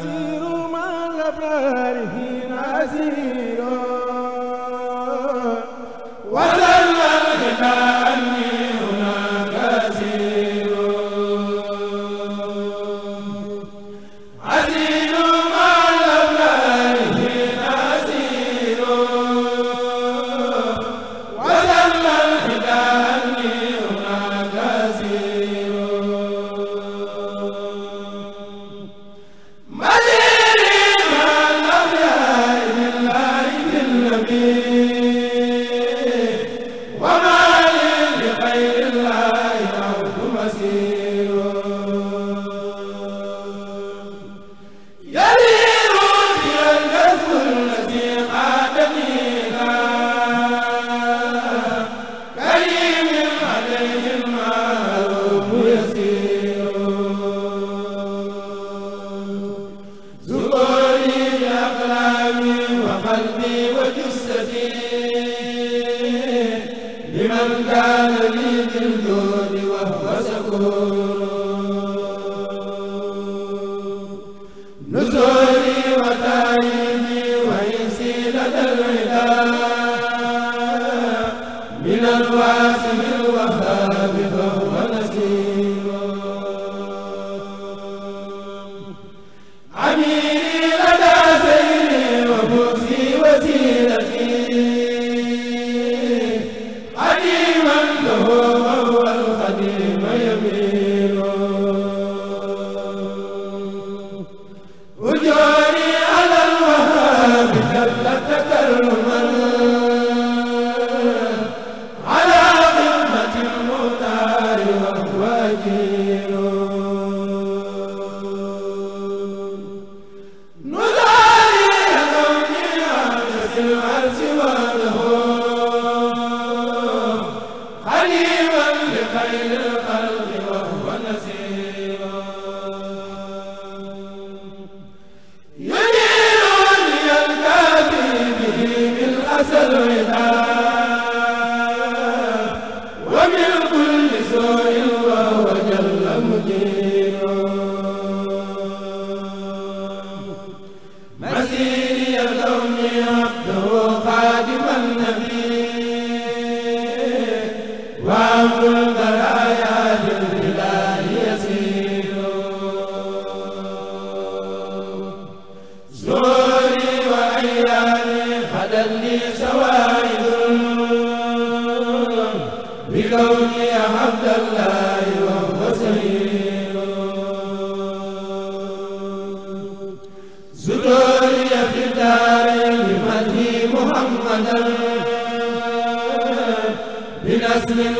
عسير مع الأبرار عسير minal waas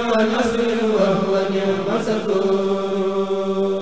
نعم المصير وهو نعم السكون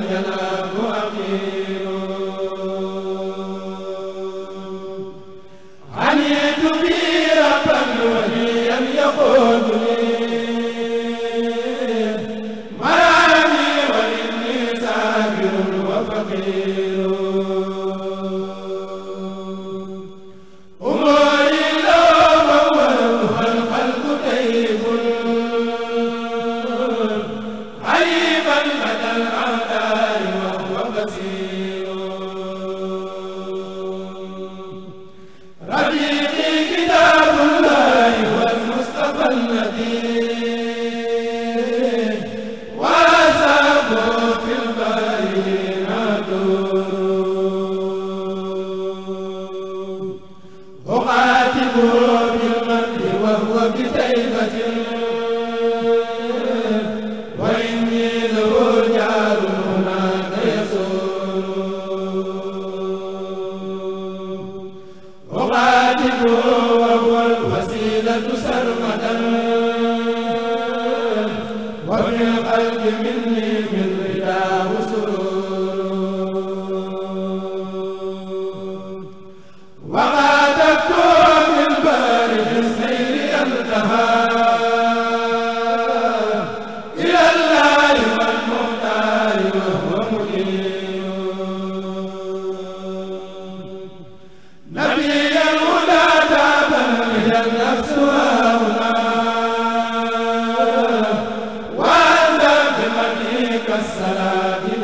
Allahu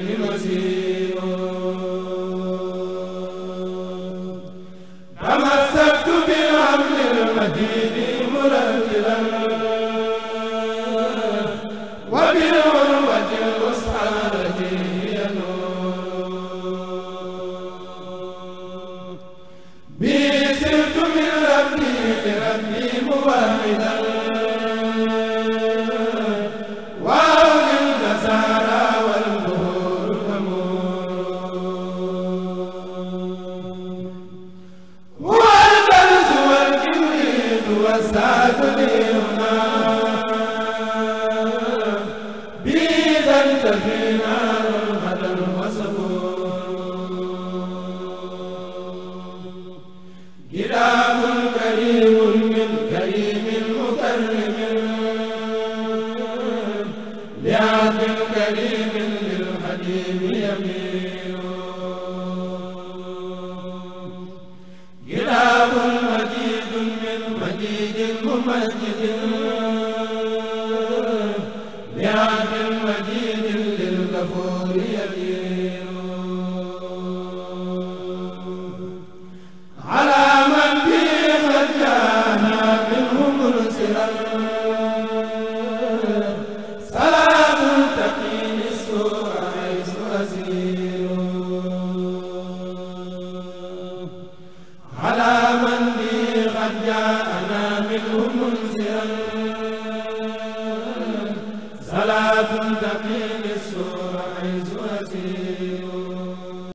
المسير كريم